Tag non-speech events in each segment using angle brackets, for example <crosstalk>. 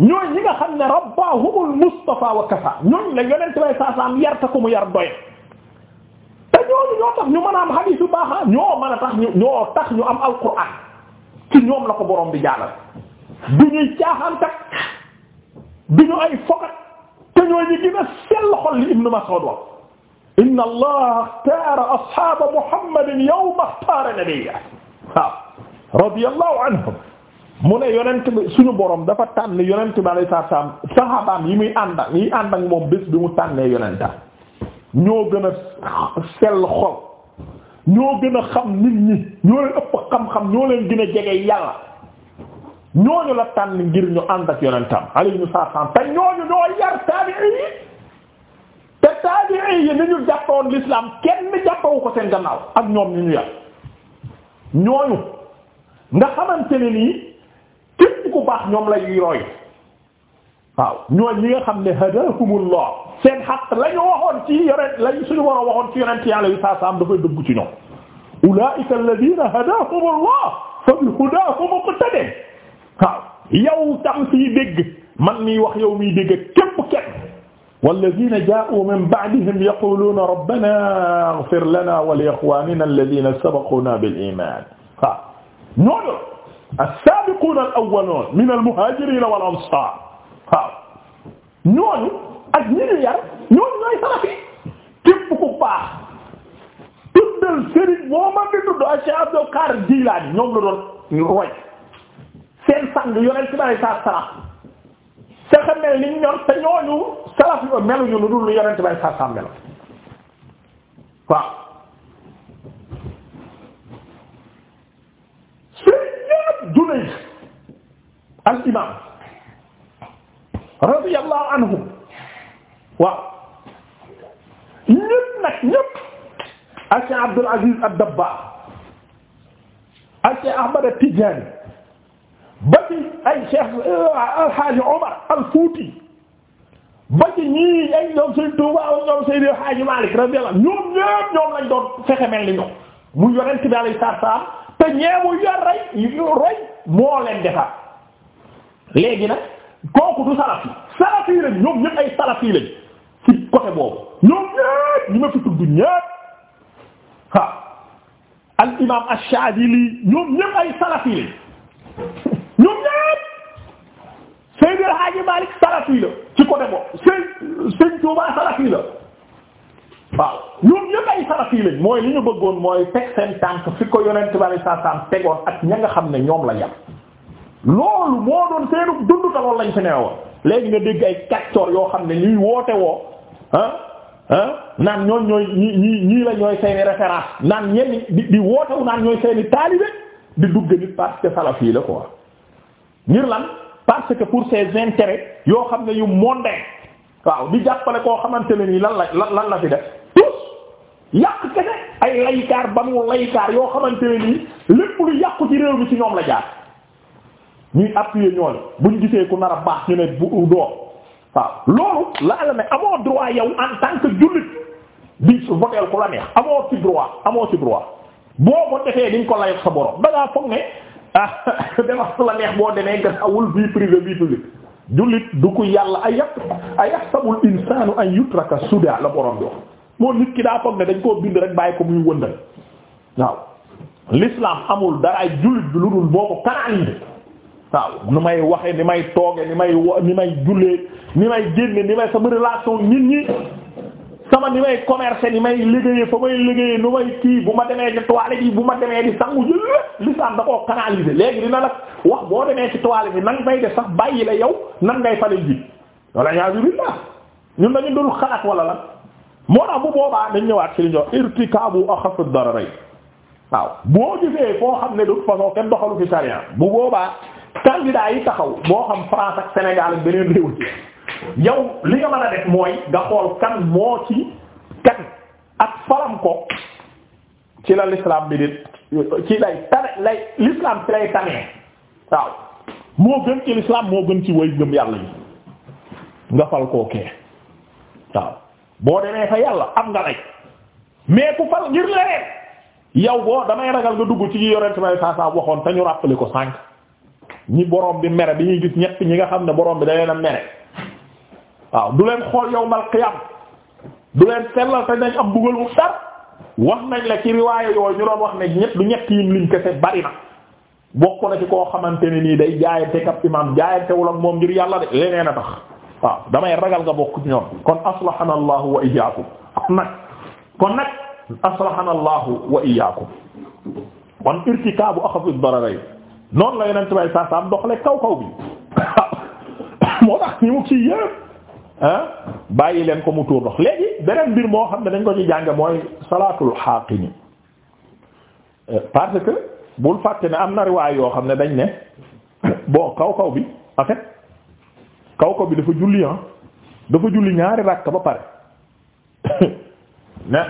ñooy ñi nga xam ne rabbahumul Mustafa wa kafa ñooñ la yonent bay saasaam yarta ko mu yar doye ñu mën am xadiis yu baax ah ñoo mën a tax ñu ñu am alquran ci ñoom la ko borom bi jàllal du ñuy caaxaankat du ñu ay fokat te ñooy ñi gën a sell xol li Ibn Mas'ud wax inna Allah ixtaara ashaaba Muhammadin yawma ixtaara nabiyya mu ne yonent bi suñu boroom dafa tànn yonent bi alayhi salaam saxaabaam yi muy ànd ak yi ànd ak moom bés bi mu tànnee yonentam ñoo gën a sell xol ñoo gën a xam nit ñi ñoo leen ëpp xam-xam ñoo leen gën a jege yàlla ñooñu la tànn ngir ñu ànd ak yonentam alayhi salaam te ñooñu ñoo yar taabi'i yi te taabi'i yi ni ñu jàppoon l'islam kenn jàppawu ko seen gannaaw ak ñoom ñu ñu yar ñooñu nga xamante ne nii baax ñoom lay roy waaw ñooñ ñi nga xam ne hadakumullah seen xaq la ñu waxoon ci yonent lañ suñu war a waxoon ci yonent yàlla yu saa saam dafay dëgg ci ñoom ulaika alladina hadahumullah fa bi hudaahum muqtadin waaw yow tam siy dégg man nii wax yow miy dégg képp kenn walladina jaa'u min ba'dihim yaquluna rabbana ighfir lana wa li ikhwanina alladina sabaquna bil iman waaw as-saabiquuna al-awwaluuna mina al-muhaajiriina ñooñu ak ñi ñu yar ñooñu ñooy salafi képp ku baax tuddal Serigne boo ma di tudd Cheikh seen sang yonent bi alayhi salaatu salaam te xam ñor te ñooñu salaf meluñu lu dul yonent bi alayhi salaatu salaam melo Dunays al imaam radiyallahu anhum waaw ñëpp nag ñëpp ak Cheikh Abdul Aziz ad-Dabba ak Cheikh Ahmad at-Tijani ba ci ay Cheikh euh, al-Haaji Omar al-Fuuti ba ci ñii ay ñoom Sëriñ Tuuba ak ñoom Seydi Haaji Maalik radiyallahu ñoom ñëpp ñoom lañ doon fexe mel ni ñoom mu yonent bi alayhi salaam te ñeemu yor rey yu roy moo leen defar léegi nag kooku du salaf yi salaf yi lañ ay salaf yi lañ ci côté boobu ñoom ñëpp ñi ma fi tudd ñëpp waaw al imam ash-Shaadili ñoom ñëpp ay salaf yi lañ ñoom ñëpp Seydi El Hadji Malick salaf la ci côté boobu Sey Sëñ Tuubaa salaf la waaw ñoom ñëpp mooy li ñu bëggoon mooy teg seen tànk fi ko yonent bari saa saam tegoon ak ña nga xam ne ñoom la yem loolu moo doon seenu dund ta loolu lañ fi newoon léegi nga dégg ay kaccoor yoo xam ne ñuy woote woo ah, ah naan ñooñ ñooy ñi ñii la ñooy seeni référence naan ñenn di di wootewu naan ñooy seeni taalibe di dugg nit parce que salaf yi la quoi ngir lan parce que pour ses intérêts yoo xam ne yu mondains waaw di jàppale koo xamante ne nii lan la lan la fi def yàq kese ay laykaar ba mu laykaar yoo xamante ne nii lépp lu yàqu ci réew bi ci ñoom la jaar ñuy appuyer ñooñu buñ gisee ku nar a baax ñu ne bu doo waaw loolu la ne amoo droit yow en tant que jullit bi su voteel ku la neex amoo ci droit amoo ci droit boo ko defee diñ ko layoo sa borom da ngaa foog ne ah <laughs> dama la neex boo demee garaawul vie privée vie publique jullit du ko yàlla ay yàq ay yàq sabul insaanu an yutraka suda la borom bi moo nit ki daa foog ne dañ koo bind rek bàyyi ko muy wëndal waaw l'islam amul dara ay jullit bi lu dul boo ko waaw nu may waxe ni may tooge ni may wo ni may jullee ni may génne ni may sama relation nit ñi sama ni may commercer ni may liggéeyee fa may liggéeyee nu may kii bu ma demee ci toilette yi bu ma demee di sangu ji l'islam da koo canaliser léegi dina la wax boo demee ci toilette bi nan ngay def sax bàyyi la yow nan ngay fale ji wala yaa billah ñun dañu dul wala la moo tax bu boobaa dañ ñëwaat ci li ñoo irtikaabu axafu dararay waaw boo gisee foo xam ne de toute façon kenn doxalu fi sariya bu boobaa candidat yi taxaw boo xam France ak Sénégal ak beneen réew ci yow li nga mën a def mooy nga xool kan moo ci kan ak faram ko ci la l'islam bi di ci lay tane lay l'islam ci lay tane waaw moo gën ci l'islam moo gën ci way gëm yàlla yi nga fal kookee waaw boo demee fa yàlla am nga lay mais ku fal ngir leneen yow boo damay ragal nga dugg ci yi yorent may saa saa waxoon te ñu rappelé ko sànq ñi borom bi mere bi ñuy gis ñett ñi nga xam ne boroom bi da leen a mere waaw du leen xool yow mal xiyam du leen sellal te dañ am buggal mu tar wax nañ la ci riwaaya yooyu ñu doon wax ne ñett du ñett yim liñ kese bari na bokk na ci koo xamante ni nii day jaayante kap imam jaayantewul ak moom ngir yàlla de leneen a tax waaw damay ragal nga bokk ñoom kon aslahana allahu wa iyaakum kon nag kon nag aslahana allahu wa iyaakum kon irtikaabu axafi dararayn noonu la yonent bay saa saam doxale kaw kaw bi <coughs> moo tax ni mu ci yépp ah bàyyi leen ko mu tuur ndox léegi beneen mbir moo xam ne dañ ko ci jànge mooy salaatul xaaqini parce que bul fàtte ne am na riwaay yoo xam ne dañ ne bon kaw kaw bi en kaw ko bi dafa julli ah dafa julli ñaari rakk ba pare ne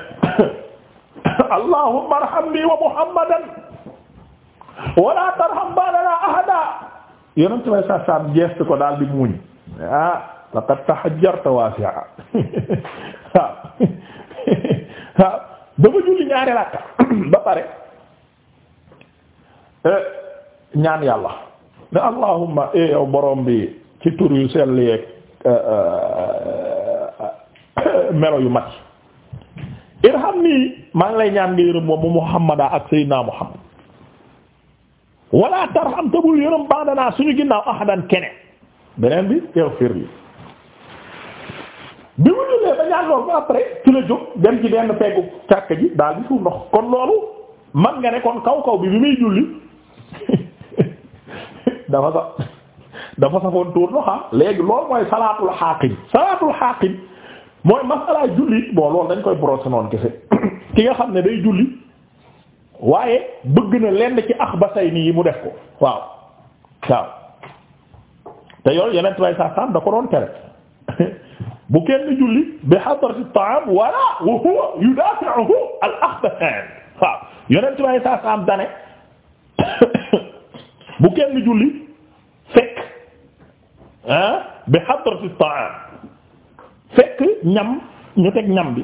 <coughs> allahumma arhamni wa muhammadan wala tarham ba'dana ahada yonent way sa sam geste ko daal di muuñ ah laqad tahajjarta wasi'a waaw waaw dafa julli ñaari rakk <coughs> ba pare eh, ñaan yàlla ne allahumma e yow borom bi ci tur yu sell yeeg euh, euh, <coughs> melo yu mat irham nii maa ngi lay ñaan nga yërëm moom mu muhammada ak sayyidina muhammad wala tarham tabul yërëm ba'dana suñu ginnaaw ahadan kene beneen bi ighfir li bi mu jullee ba ñaan lool ba après ci la jóg dem ci benn peggu càkk ji daal di suuf ndox kon loolu man nga ne kon kaw kaw bi bi muy julli <laughs> dafa sax dafa safoon tuur ndoxa ah. léegi loolu mooy salaatul xaaqin salaatul xaaqin mooy masalaa julli bon loolu dañ koy brosser noonu kese <coughs> ki nga xam ne day julli waaye bëgg na lenn ci ax ba say yi mu def ko waaw waaw te yooyu yeneen way sa san da ko doon tere <laughs> bu kenn julli bi hadrati ta'am wala wa huwa yudafi'uhu al akhbathan waaw yeneen way sa san dane <coughs> bu kenn julli ah bi hadrati ta'am fekk ñam ñu teg ñam bi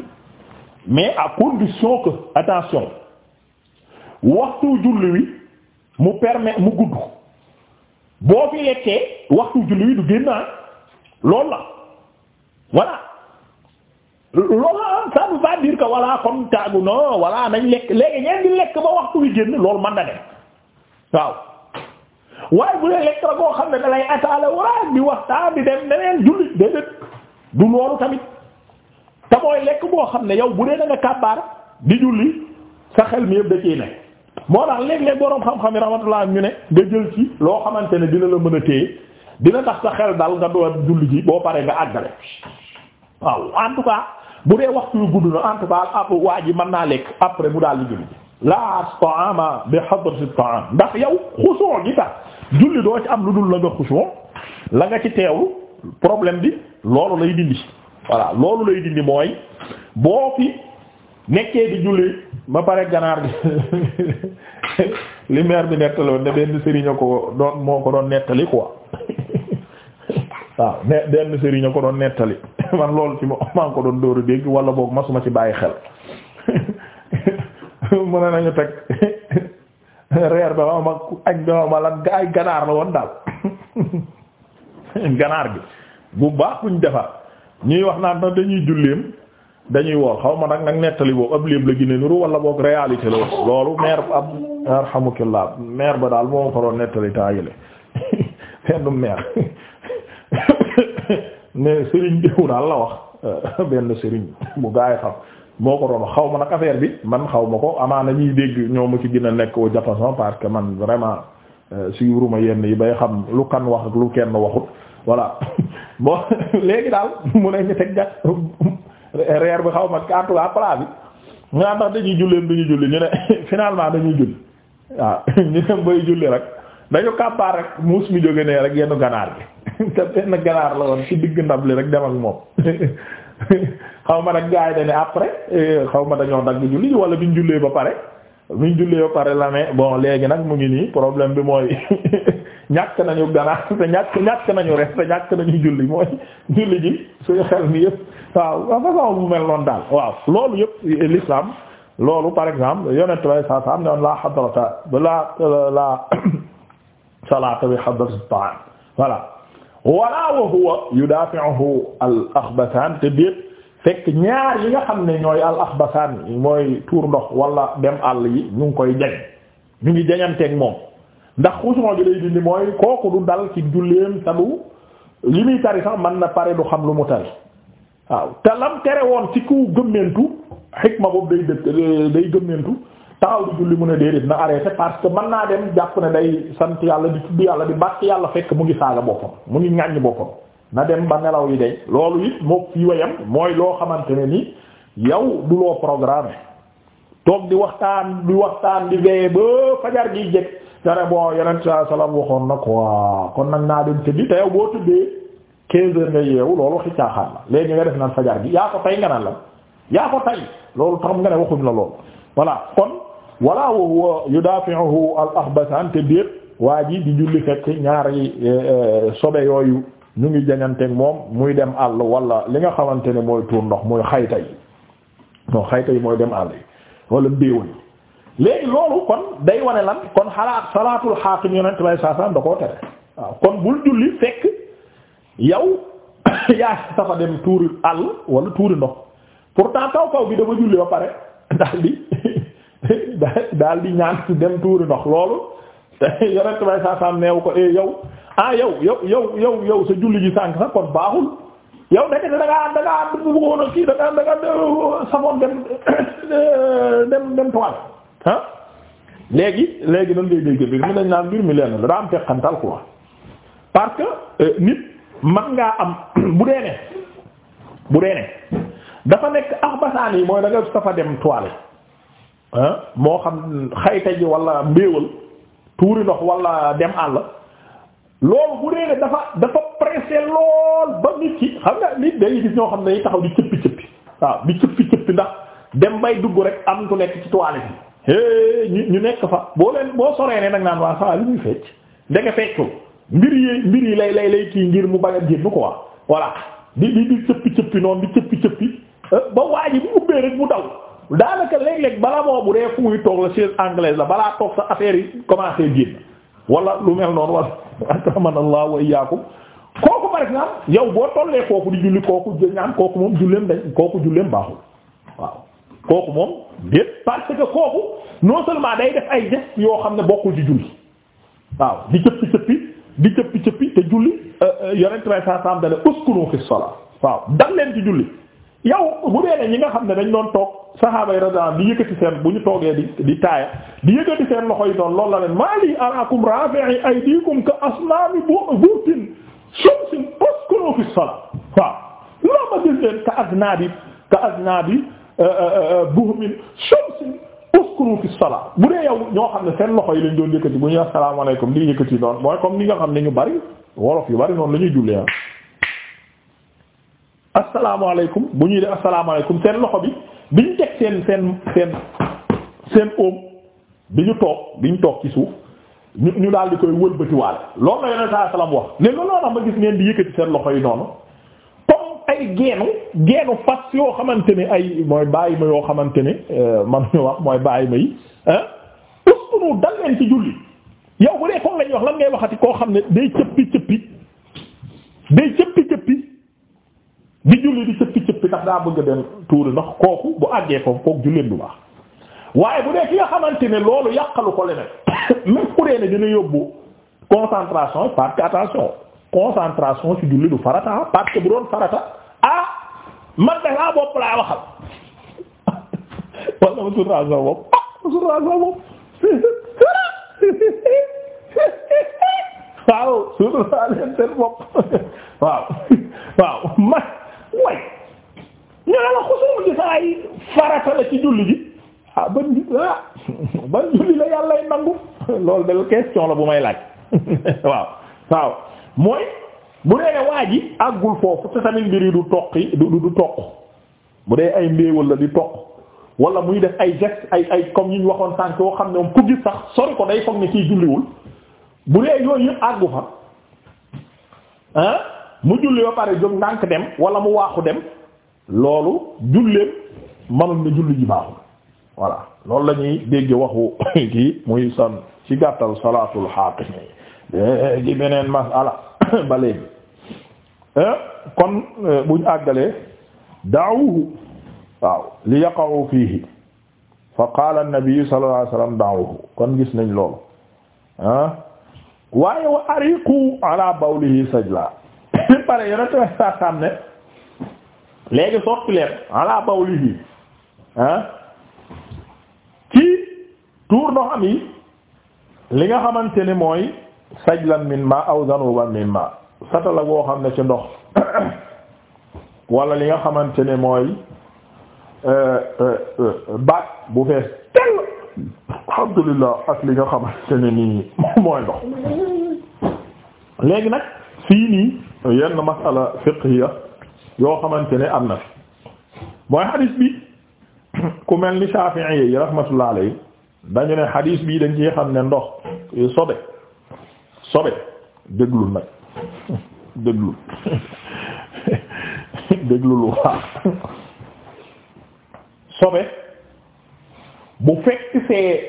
mais à condition que attention waxtu julli wi mu permet mu gudd boo fi lekkee waxtu julli wi du génn loolu la walla loolu la ça veut pas dire ko voilà comme taagu no voilà nañ lekk léegi ñeen di lekk ba waxtu wi génn loolu man na ne waaw waaye bu dee lekk la koo xam ne da lay ataale waraay bi waxtaan bi dem neneen jullit déedéet du loolu tamit te mooy lekk boo xam ne yow bu dee da kàbbaar di julli sa xel mi yëpp da ne moo tax léeg-léeg boroom xam-xam yi rahmatullah ñu ne nga jël ci loo xamante ne dina la mën a téye dina tax sa xel dal nga door julli ji boo paree nga àggale waaw en tout cas bu dee waxtu yu gudd na en tout après waa ji mën naa lekk après mu daal di julli ji. la ta'ama ndax yow julli doo ci am lu dul la nga xushon la nga ci teewlu problème bi loolu lay dindi voilà loolu lay dindi mooy boo fi nekkee di julli ba pare ganaar gi <laughs> li maire bi nettaloon ne benn sëriñ ko doon moo ko doon nettali quoi <laughs> waaw ne benn sëriñ ko doon nettali <laughs> man loolu ci maa ngi ko doon dóor a dégg wala boog masuma ci bàyyi xel mën nañu teg <laughs> reer ba ma ma añ ba ganaar la woon daal <laughs> ganaar bi bu baax buñ defar ñuy wax naa na dañuy julleem dañuy woor xaw ma nag nag nettali boobu ab léeb la gine nuru wala boog réalité la loolu maire ab arhamukallah maire ba daal moo ko doon nettali taa yële <laughs> benn maire ne Serigne diw daal la wax benn Serigne bu gaay xam moo ko doon xaw ma nag affaire bi man xaw ma ko amaana ñuy dégg ñoo ma ci gën a nekk au Japon parce que man vraiment euh, suivre ma yenn yi bay xam lu kan wax ak lu kenn waxut voilà <laughs> bon léegi daal mu ne ñu teg reer bi xaw ma en tout cas plat bi ñu naan ndax dañuy julleen dañuy julli ñu ne <laughs> finalement dañuy julli waaw <laughs> ñu dem bay julli rek dañu kàppaar rek muus mi jóge nee rek yenn ganaar bi te benn ganaar la woon ci digg ndab li rek dem ak moom. xaw ma nag gars yi eh, xaw ma dañoo dagg julli wala biñ jullee ba pare biñ jullee ba pare la ne bon léegi nag mu ngi nii problème bi mooy <laughs> ñàkk nañu ganaar te ñàkk ñàkk nañu res te ñàkk nañu julli mooy julli ji suñu xel mi yëpp waaw waaw mel noonu daal waaw loolu yëpp eh, l'islam loolu par exemple yonent way sa sa am ne woon laa xadrata laa laa <clears throat> salaata bi xadrata wa huwa yudafi'uhu al akhbathan te déet fekk ñaar yi nga xam ne ñooy al ahbasaan mooy tuur ndox wala dem àll yi ñu ngi koy jañ ñu ngi jañanteeg moom ndax xusumo gi day dindi mooy kooku du dal ci julleem te du li muy tari sax man na pare du xam lu mu tari waaw te woon ci ku gëmmentu xikma boobu day dë day gëmmentu taxaw di julli mu ne déedéet na arrêté parce que mën naa dem jàpp ne day sant yàlla di tudd yàlla di bàkk yàlla fekk mu ngi saaga boppam mu ngi ŋàññ boppam na dem ba nelaw yi day loolu it moo fii wayam mooy loo xamante ne ni yow du loo programme toog di waxtaan di waxtaan di veillé ba fajar gi jëkk dara bon yeneen saa salaam waxoon na quoi ah, kon nag naa dem tëddi te yow boo tëddee 15 heures nga yeewu loolu waxi caaxaan la léegi nga def naan fajar gi yaa ko tay nga naan la yaa ko tay loolu taxam nga ne waxuñ la loolu voilà kon wala wa huwa yudafi'uhu al-akhbathan te waa ji di julli fekk ñaari eh, eh, sobe yooyu. nu ngi jañanteeg moom muy dem àll wala li nga xamante ne mooy tuur ndox mooy xayta yi non xayta yi mooy dem àll yi wala mbéewal yi léegi loolu kon day wane lan kon xalaat salaatul xaakim yonent bay saasaan da koo tere waaw kon bul julli fekk yow <coughs> yaa safa dem tuuri àll wala tuuri ndox pourtant kaw kaw bi dama julli ba pare <coughs> daal di <coughs> daal di ñaan dem tuuri ndox loolu te yonent bay saasaan neew ko eh, yow ah yow yow yow yow yow sa julli ji sànk sax kon baaxul yow nekk da ngaa da ngaa a kii da ngaa <coughs> dem dem dem léegi léegi nan ngay dégg bi mu dañ naan mbir mi leen la daa am teqantal quoi parce que euh, nit man ngaa am <coughs> bu dee bu dee dafa nekk ax basaan yi mooy da nga safa dem toile moo xam xayta ji wala mbéewal tuuri ndox wala dem àll loolu bu dee dafa dafa pressé lool ba nit ki xam nga nit day gis ñoo xam ne taxaw di cëppi cëppi waaw di cëppi cëppi ndax dem bay dugg rek am ku nekk ci toilette bi. hee ñu ñu nekk fa boo leen boo soree ne nag naan waa saa li muy fecc ndeke feccul mbir yi mbir yi lay lay lay kii ngir mu bañ a génn quoi voilà di di di cëppi cëppi noonu di cëppi cëppi eh, ba waa ji bu ubbee rek mu daw. daanaka léeg-léeg bala moo bu dee fu muy toog la chaise anglaise sa affaire yi commencé génn. wala lu mel noonu wala akraman wa iyyakum kooku par exemple yow boo tollee kooku di julli kooku ñaan kooku moom julleem dañ kooku julleem baaxul waaw kooku moom déet parce que kooku non seulement day def ay gestes yoo xam ne bokkul ci julli waaw di cëppi cëppi di cëppi cëppi te julli euh, euh, yonent may saa saam dana uskunu waaw dal leen ci julli yow bu dee ne ñi nga xam ne dañ doon toog saxaaba yi radiyallahu di yëkkati seen bu ñu toogee di di taaya di yëkkati seen loxo yi doon loolu la leen maa li araakum rafi'i aydikum ka asnaami bu'tin shamsin uskunu fi salat waaw loo ma gis leen ka aznaabi ka aznaabi euh, euh, euh, buhmin shamsin uskunu fi salat bu dee yow ñoo xam ne seen loxo yi lañ doon yëkkati bu ñu asalaamaaleykum di yëkkati noonu mooy comme ni nga xam ne ñu bari wolof yu bari noonu la ñuy jullee ah. asalaamaaleykum bu ñuy def asalaamaaleykum seen loxo bi bi ñu teg seen seen seen seen oom bi ñu toog bi ñu toog ci suuf ñu ñu daal di koy wëlbatiwaale loolu la yeneen saa salaam wax ne loolu la ma gis ngeen di yëkkati seen loxo yi noonu comme ay geenu geenu fas yoo xamante ne ay mooy bàyyi ma yoo xamante ne euh, man ñu wax mooy bàyyi ma yi ah uskunu dal leen ci julli yow bu dee kon la wax lan ngay waxati koo xam ne day cëppi cëppi day cëppi cëppi bi julli di cëppi cëppi ndax daa bëgg dem tuuri ndax kooku bu àggee foofu kooku julleen du baax waaye bu dee ki nga xamante ne loolu yàqalu ko leneen <coughs> même ku dee ne dina yóbbu concentration parce que attention concentration ci julli du farata parce que bu doon farata ah man de saa bopp laa waxal ma suturaal sa ah, ma suturaal sa bopp <laughs> <laughs> waaw waaw waaw way ñu ne la xusuur gi saa yi farata la ci julli ji ah ban ah ban julli la <laughs> yàlla lay nangu <laughs> loolu de question la bu may laaj <laughs> waaw waaw mooy bu dee ne waa ji àggul foofu te tamit mbir yi du toq bu dee ay mbéewal la di toq wala muy def ay gestes ay ay comme yi ñu waxoon sànq yoo xam ne moom ku gis sax sori ko day foog ne ciy julliwul bu dee yooyu yëpp àggu fa ah. mu julli ba pare jóg ndànk dem wala mu waaxu dem loolu julleem manul ne julli ji baaxul voilà loolu la ñuy dégg waxu <laughs> kii muy san ci gàttal salaatul xaatimi léegi beneen masala <coughs> ba léegi eh, kon eh, buñ àggalee daawuhu waaw li yaqa'u fiihi fa qaala an-nabi sallallahu alayhi daawuhu kon gis nañ loolu ah waaye wa ariqu ala bawlihi sajla pare yonent bi saa saam ne léegi sotti leen ala bawlihi ah ci tuur ndox am yi li nga xamante ni mooy sajlan min ma aw zanuban min ma satala goo xam ne ci ndox wala li nga xamante ne mooy euh, euh, euh, baat bu fees tell alhamdulillah ak li nga xamante ne nii mooy ndox léegi nag fii nii yenn masala fiqhiya yoo xamante ne am na fi mooy xadiis bi ku mel ni Shafi'i yi rahmatullah alayhi dañu ne xadiis bii dañ ci xam ne ndox sobe sobe déglul nag déglul <laughs> déglul waa sobe bu fekk fee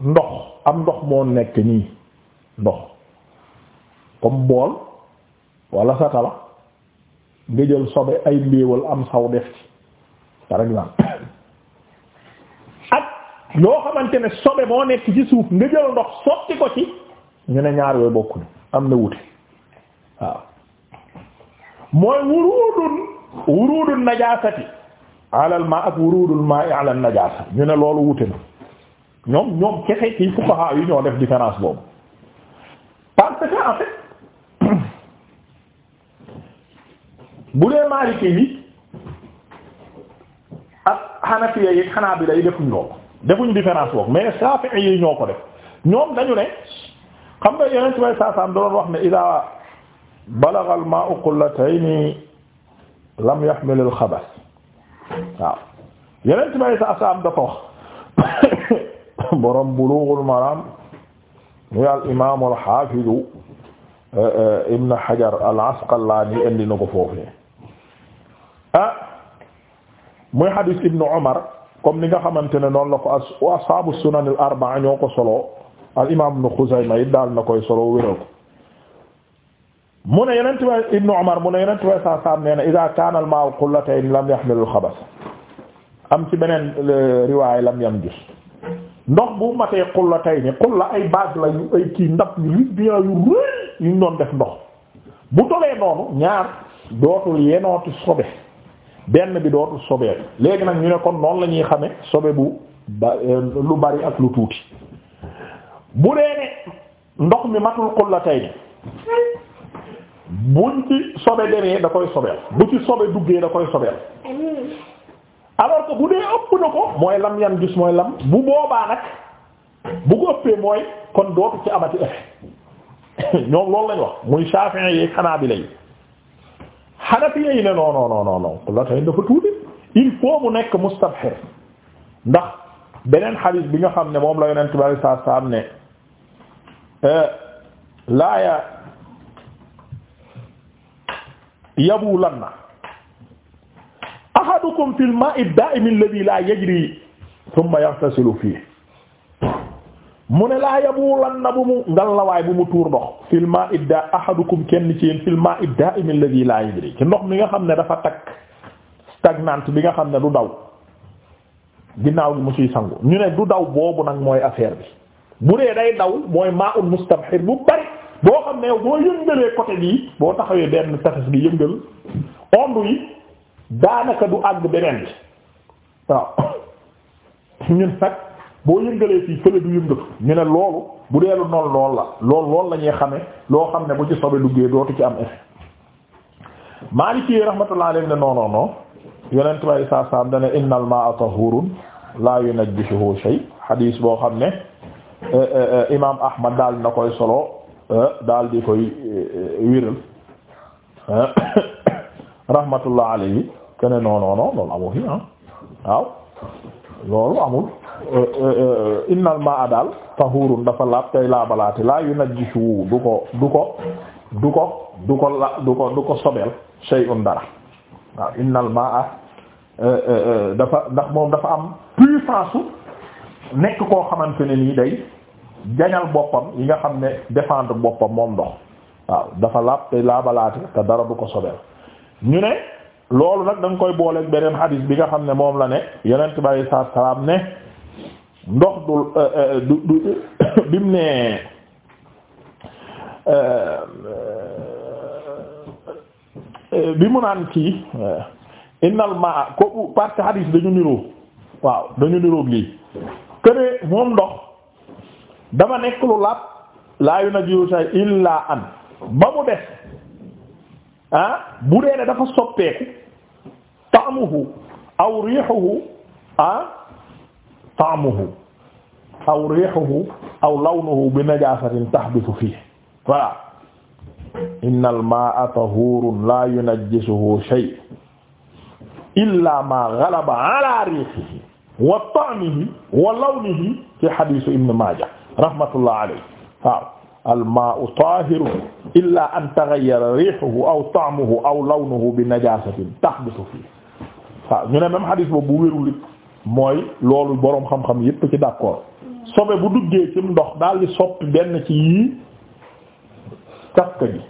ndox am ndox moo nekk nii ndox comme bool wala satala nga jël sobe ay mbéewal am saw def ci par exemple ak loo xamante ne sobe moo nekk ci suuf nga jël ndox sotti ko ci ñu ne ñaar yooyu bokkuñu am na wute waaw mooy wurudun wurudun najasati alal ma ak wurudul ma ala najasa ñu ne loolu wute na ñoom ñoom kese ci fuqaha yi ñoo def différence boobu parce que bu dee Maliki yi ak Hanafiya yi Hanabila yi defuñ loolu defuñ différence boobu yi ñoo ko def ñoom dañu ne xam nga yeneen ci may saasaam doon wax ne idaa balagha al-maa'u qullatayni lam yahmil al-khabas waaw <coughs> borom Bulughul Maram ñu al imaam eh, eh, Ibn Hajar al-Asqalani indi na ko ah muy hadis ibnu Umar comme ni nga xamante ne noonu la ko as ashaabu sunan al arba'a ñoo ko solo al imaam ibnu Xuzayma it daal na koy solo wéral ko mu ne yeneen tubaab ibnu Umar mu ne yeneen tubaab saa saam nee na idaa kaana al maa'u qullatayn lam yahmilul xabas am ci beneen riwaay lam yam gis ndox bu matee qullatayn qulla ay bâche la yu ay kii ndab yu rubia yu rëy yu ñu doon def ndox bu dolee noonu ñaar dootul yenooti sobe. benn bi dootul sobee léegi nag ñu ne kon noonu la ñuy xame sobe bu ba euh, lu bari ak lu tuuti bu dee ne ndox mi matul qullatayni buñ ci sobe demee da koy sobeel bu ci sobe duggee da koy sobeel alors que bu dee ëpp na ko mooy lam yan gis mooy lam bu boobaa nag bu ko ëppee mooy kon dootu ci amati effet <coughs> ñoom loolu lañ wax muy Shafi'i yi Hanabila yi Hanafiya yi ne non non non non non xullatay dafa tuuti il faut mu nekk mustabhir ndax beneen xadiis bi nga xam ne moom la yonent bi saa saa am ne euh, laaya yabulanna ahadukum fil ma'i ad-da'im alladhi la yajri thumma yaghtasilu fihi mu ne laa yabulanna bu mu ngallawaay bu mu tuur ndox fil ma'i da ahadukum kenn ci yéen fil ma'i da'im alladhi la yadri ci ndox mi nga xam ne dafa takk stagnante bi nga xam ne du daw ginnaaw gi mu siy sangu ñu ne du daw boobu nag mooy affaire bi bu dee day daw mooy ma'un mustabhir bu bari boo xam ne boo yëngalee côté bii boo taxawee benn tafes bi yëngal ondu yi daanaka du àgg beneen bi waaw <coughs> boo yëngalee fii fële du yëngatu ñu ne loolu bu dee lu nool lool la lool lool la ñuy xamee loo xam ne bu ci sobe duggee dootu ci am effet. Maliki rahmatullahi alayhi ne non non non yonent bay saa saam dana innal ma'a tahurun la yunajjisuhu shay hadis boo xam ne eh, eh, eh, imaam Ahmad daal na koy solo daal di koy wiral <coughs> rahmatullahi alayhi que ne non loolu amu fi ah. waaw. loolu amul euh, euh, euh, innal maa daal tahurun dafa laab tay laabalaate laa yunajjishu du ko du ko du ko du ko la du ko du ko sobeel shay'un dara waaw innal maa dafa ndax moom dafa am puissance nekk koo xamante ne nii day jañal boppam yi nga xam ne défendre boppam moom ndox waaw dafa laab tay laabalaate te dara du ko sobeel ñu ne loolu nag da koy booleeg beneen xadis bi nga xam ne moom la ne yonent bi alayhi salaatu salaam ne ndox du euh, euh, du du <coughs> bim ne euh, bi mu naan kii innal maa ko parce que dañu niroo waaw dañu niroog lii këree moom ndox dama nekk lu laab laa yu na jiwu say illa an ba mu des ah bu dee ne dafa soppeeku taamuhu aw riixuhu ah taamuhu aw riixuhu aw lawnuhu bi najaasatin tahbitu fiihi voilà innal maa'a tahuurun laa yunajjisuhu shay illaa maa galaba alaa riixihi wa ta'mihi wa lawnihi ci hadiisu Ibn Maaja rahmatullah alayhi waaw almaau tahiru illa an taghayyara rihuhu aw ta'muhu aw lawnuhu bi najasatin tahbitu fii waaw ñu ne même hadis boobu bu wérul mooy loolu boroom xam-xam yépp ci d'accord sobe bu duggee ci ndox daal di soppi benn ci yii cafka gi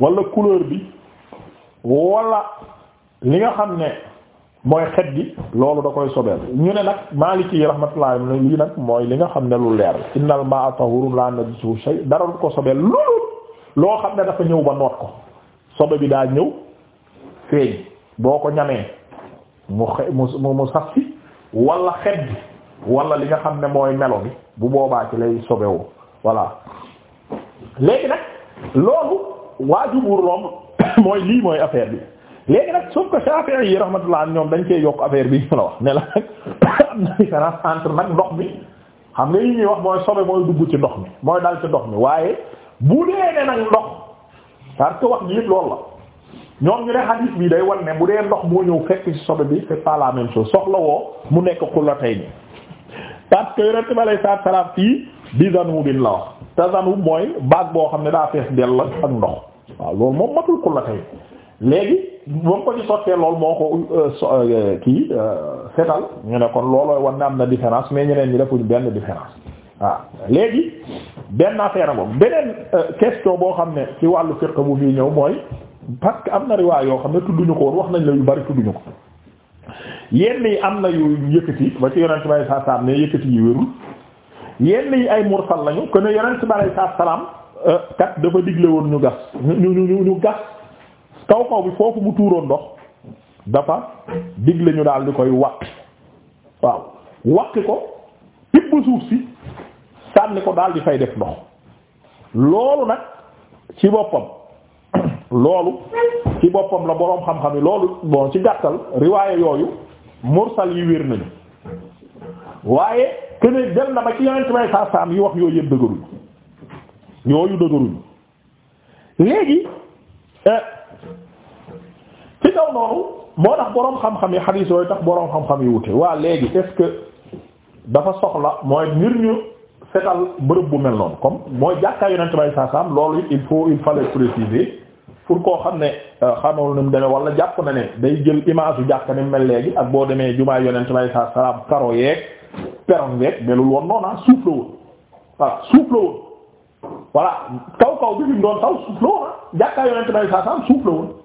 wala couleur bi wala li nga xam ne mooy xet gi loolu da koy sobeel ñu ne nag Maliki yi rahmatullah ne lii nag mooy li nga xam ne lu leer la innal ma'a tahurun la najsu shay dara du ko sobeel loolu loo xam ne dafa ñëw ba noot ko sobe bi daa ñëw feeñ boo ko ñamee mu xe mu mu saf si wala xet gi wala li nga xam ne mooy melo bi bu boobaa ci lay sobewu voilà léegi nag loolu waa jumhur moom <coughs> mooy lii mooy affaire bi léegi nag sauf que Shafi'i yi rahmatullah ñoom dañ cee yokk affaire bi ñu la wax ne la nag ndox mi xam nga yi ñuy wax mooy sobe mooy dugg ci ndox mi mooy dal ci ndox mi waaye bu dee ne ndox que wax ji yëpp loolu la day wan bu dee ndox moo ñëw fekk ci sobe bi c'est pas la soxla woo mu nekk xulla tey ni parce que yonent bi alayhi salaatu salaam fii bi zanubin la wax te zanub mooy baag boo xam ne daa fees dell ak ndox waaw loolu moom matul xulla léegi ba mu ko ci sottee lool moo ko euh, euh, kii euh, setal ñu ne kon loolooy war ne am na différence mais ñeneen ñi defuñu benn différence waaw léegi benn affaire boobu beneen question boo xam ne ci wàllu fiqh bu fii ñëw mooy parce que am na riwaay yoo xam ne tudduñu ko woon wax nañ la yu bari tudduñu ko yenn yi am na yu yëkkati ba ci yonent bi sallallahu alayhi wasallam ne yëkkati yi wérul yenn yi ay mursal lañu que ne yonent bi sallallahu alayhi wasallam kat dafa digle woon ñu gas ñu ñu gas. kaw kaw bi foofu mu tuuroon ndox dafa digle ñu daal di koy wàq waaw wàq ko tibb suuf si sànni ko daal di fay def ndox loolu nag ci boppam <clears throat> loolu ci boppam la boroom xam-xam yi loolu bon ci gàttal riwaaye yooyu mursal yi wér nañu waaye keneen jël na ba ci yonent may saa saam yi wax yooyu yëpp dëgëruñu yooyu dëgëruñu léegi. Euh, ci kaw noonu moo tax boroom xam-xam yi xadiis yooyu tax boroom xam-xam yi wute waa léegi est-ce que dafa soxla mooy ngir ñu setal bërëb bu mel noonu comme mooy jàkkaay yonent bay saasaam loolu it il faut il fallait préciser pour koo xam ne euh, xamul ni mu demee wala jàpp na ne day jël image yu jàkka ni mu mel léegi ak boo demee jumaa yonent bay saasaam karo yeeg peron yeeg melul woon noona ah, suuf la woon voilà suuf la woon voilà kaw kaw bi fi mu doon taw suuf la woon ah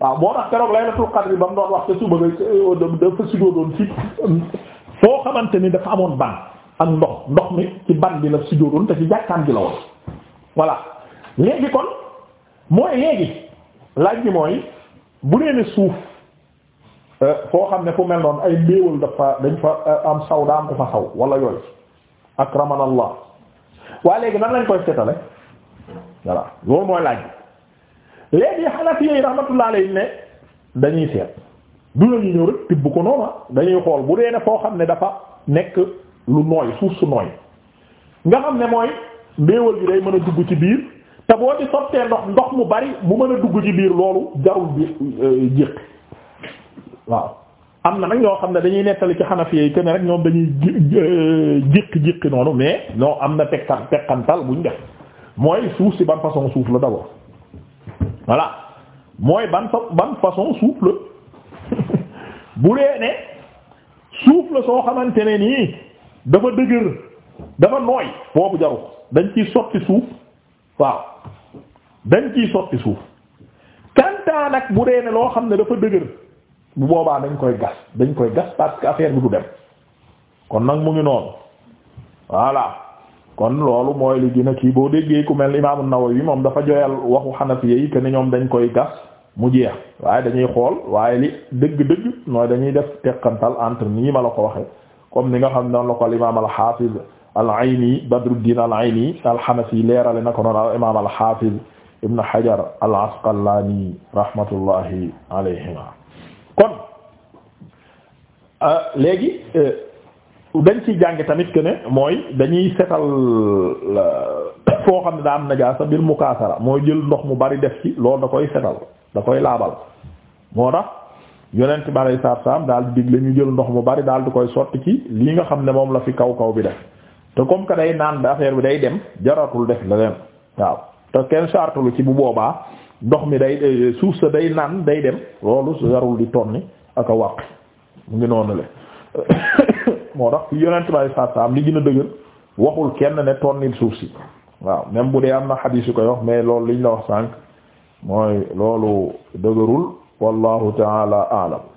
waaw boo tax keroog laylatul bi ba mu doon wax te suba euh, dafa si doon ci foo xamante ni dafa amoon ban ak ndox ndox mi ci ban bi la si doon te ci jàkkaan bi la woon voilà léegi kon mooy léegi laaj bi mooy bu nee ne suuf euh, foo xam ne fu mel noonu ay mbéewal dafa dañ fa euh, am saw daa am ko fa saw wala yooyu akramanallah waa léegi nan lañ koy seetale voilà loolu mooy laaj léegi Hanafi yi rahmatullahi alayhi ne dañuy seet du la ñu ñëw rek tibb ko noonu ah. dañuy xool bu dee ne foo xam ne dafa nekk lu nooy suuf su nooy nga xam ne mooy mbéewal bi day mën a dugg ci biir te boo ci sottee ndox ndox mu bari bu mën a dugg ci biir loolu jarul bi euh, jéq waaw am na nag ñoo xam ne dañuy nettali ci Hanafi yi kenn rek ñoom dañuy jéqi jéqi euh, noonu mais non am na tekkan tekkantal buñ def mooy suuf si ban façon suuf la d'abord voilà mooy ban fa ban façon suuf la <laughs> bu dee ne suuf la soo xamante ne nii dafa dëgër dafa nooy boobu jaru dañ ki sotti suuf waaw dañ ki sotti suuf kantaa nag bu dee ne loo xam ne dafa dëgër bu boobaa dañ koy gas dañ koy gas parce que affaire bi du dem kon nag mu ngi noonu voilà kon loolu mooy li gën a boo déggee ku mel Imaam An-Nawawi moom dafa joyal waxu Hanafiya yi que ne ñoom dañ koy gas mu jeex waaye dañuy xool waaye li dëgg-dëgg mooy dañuy def teqantal entre nii ma la ko waxee comme ni nga xam noonu la ko al Imaam al-Hafiz al-Ayni Badruddin al-Ayni al-Hanafi leerale na ko noonu al Imaam al-Hafiz Ibn Hajar al-Asqalani rahmatullahi alayhima kon euh, léegi. Euh, dañ ciy jànge tamit que ne mooy dañuy setal euh, foo xam ne daa am najaasa bil mukaasara moo jël ndox mu bari def ci loolu da koy setal da koy laabal moo tax yonent bi alay saab saab daal di digle ñu jël ndox mu bari daal di koy sotti ci lii nga xam ne moom la fi kaw kaw bi def te comme que day naan affaire bi day dem jaratul def la waaw te kenn sartalu ci bu boobaa ndox mi day euh, suuf sa day naan day dem loolu jarul di tonni ak a wàq mu ngi noonu le <coughs> moo tax fi yonent bay saasaam li gën a dëgër waxul kenn ne tonnil suuf si waaw même bu dee am na xadiis yu koy wax mais loolu li ñu la wax sànq mooy loolu dëgërul wallahu taala alam